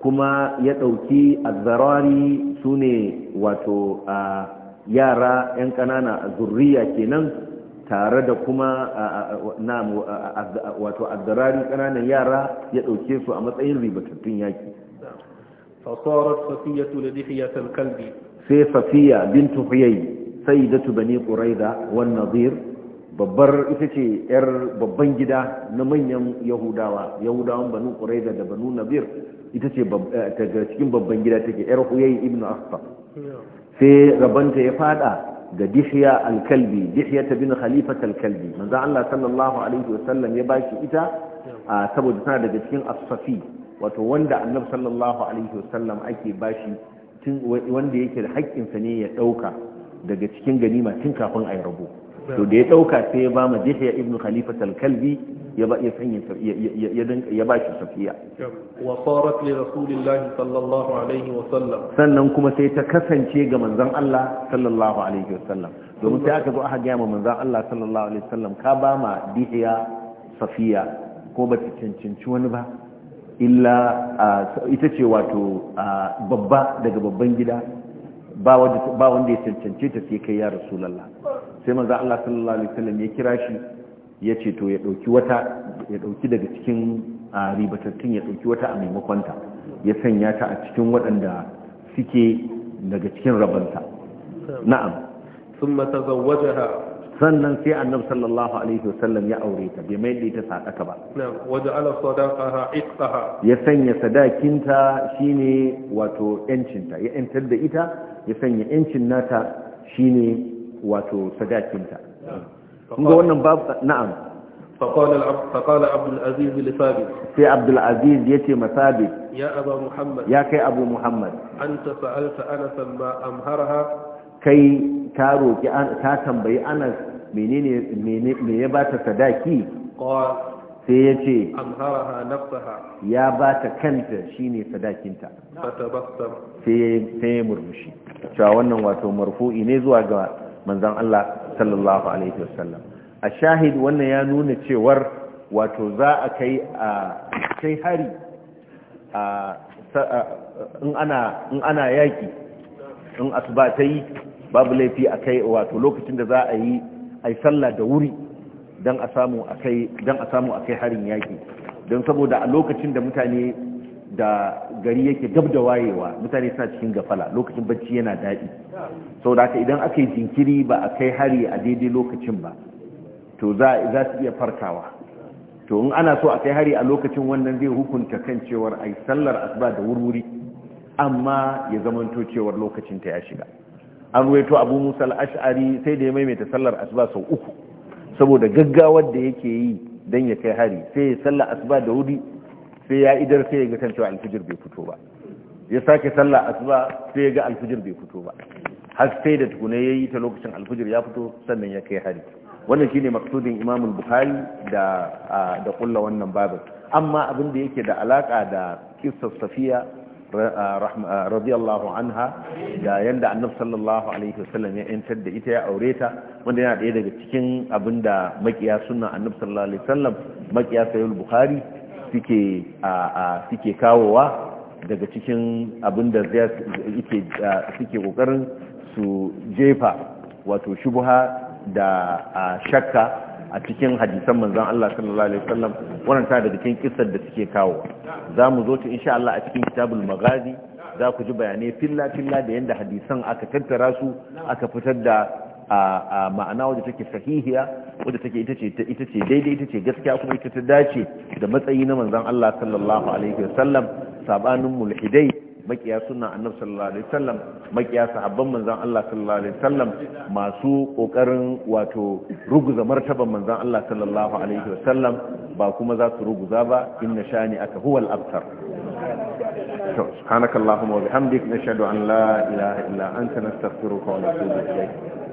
[SPEAKER 1] kuma ya ɗauki azzarari su ne wato yara 'yan ƙanana a zurriya kenan tare da kuma wato azzarari ƙananan yara ya ɗauke su a matsayin ribatattun yaƙi
[SPEAKER 4] fasarar safiya tule dihiyar kalbi
[SPEAKER 1] sai safiya bintu huyai sayyidatu bani quraiza wan nadir babbar ita ce yar babban gida na manyan yahudawa yahudawan banu quraiza da banu nadir ita ce eh, daga cikin babban gida take yar huyai ibn asfa sai rabanta ya fada ga dihya al-kalbi dihya ta bin khalifat al-kalbi manzo Allah sallallahu alaihi wasallam ya baki ita saboda tana daga cikin asfafi wato wanda annabi sallallahu alaihi wasallam ake bashi wanda yake da haƙƙinsa ne ya ɗauka daga cikin ganima tun kafin a yi rabo to da ya ɗauka sai ya ba ma dihiya ibn khalifa al ya ba ya sanya ya ba shi safiya wa sarat li rasulillah sallallahu alaihi wa sallam sannan kuma sai ta kasance ga manzon Allah sallallahu alaihi wa sallam domin sai aka zo aka ga ma manzon Allah sallallahu alaihi wa sallam ka ba ma dihiya safiya ko ba ta cancanci wani ba illa ita ce wato babba daga babban gida ba wanda ya cancance ta sai kai ya rasulallah sai manzo Allah sallallahu alaihi wasallam ya kira shi ya ce to ya dauki wata ya dauki daga cikin ribatattun ya dauki wata a maimakon ta ya sanya ta a cikin waɗanda suke daga cikin rabanta hmm. na'am thumma tazawwajaha sannan sai annabi sallallahu alaihi wasallam ya aure ta bai mai da ita sadaka ba
[SPEAKER 4] waje ala sadaqaha itqaha ya sanya
[SPEAKER 1] sadakinta shine wato yancinta ya yantar da ita ya sanya yancin nata shine wato sadakinta kun ga wannan babu na'am
[SPEAKER 4] فقال العبد فقال عبد العزيز لثابت
[SPEAKER 1] في عبد العزيز يتي مثابت
[SPEAKER 4] يا ابا محمد يا كي ابو محمد انت سالت انس ما امهرها
[SPEAKER 1] كي ta roki ta tambayi anas menene me ya bata sadaki sai ya ce ya bata kanta shine sadakinta sai ya murmushi cewa wannan wato marfu'i ne zuwa ga manzon Allah sallallahu alaihi wasallam a shahid wannan ya nuna cewar wato za a kai a kai hari in ana yaƙi in asuba ta yi babu laifi a kai wato lokacin da za a yi a sallah da wuri don a samu a kai harin yaƙi don saboda a lokacin da mutane da gari yake gab da wayewa mutane suna cikin gafala lokacin bacci yana daɗi sau da haka idan aka yi jinkiri ba a kai hari a daidai lokacin ba to za su iya farkawa to in ana so a kai hari a lokacin wannan zai hukunta kan cewar a yi sallar asuba da wurwuri amma ya zamanto cewar lokacinta ya shiga an ruwaito abu musa al'ash'ari sai da ya maimaita sallar asuba sau uku saboda gaggawar da yake yi don ya kai hari sai ya sallar asuba da wuri sai ya idar sai ya ga cewa alfijir bai fito ba ya sake sallar asuba sai ya ga alfijir bai fito ba har sai da tukune ya yi ta lokacin alfijir ya fito sannan ya kai hari wannan shine maksudin imamul bukhari da da kulla wannan babin amma abin da yake da alaka da kissar safiya radiyallahu anha da yanda annab sallallahu alaihi wasallam ya yantar da ita ya aure ta wanda yana daya daga cikin abin da makiya sunan annab sallallahu alaihi wasallam makiya sayyid bukhari suke suke kawowa daga cikin abin da yake suke kokarin su jefa wato shubha da shakka a cikin hadisan manzon Allah sallallahu alaihi wasallam wannan ta da cikin kissar da suke kawo za mu zo ta insha Allah a cikin kitabul magazi za ku ji bayanai filla filla da yanda hadisan aka tattara su aka fitar da ma'ana wadda take sahihiya wadda take ita ce ita ce daidai ita ce gaskiya kuma ita ta dace da matsayi na manzon Allah sallallahu alaihi wasallam sabanin mulhidai makiya suna annabi sallallahu alaihi wasallam makiya sahabban manzon Allah sallallahu alaihi wasallam masu kokarin wato ruguza martaban manzon Allah sallallahu alaihi wasallam ba kuma za su ruguza ba inna shani aka huwa al-abtar
[SPEAKER 3] subhanakallahumma wa bihamdik nashhadu an la ilaha illa anta nastaghfiruka wa natubu ilayk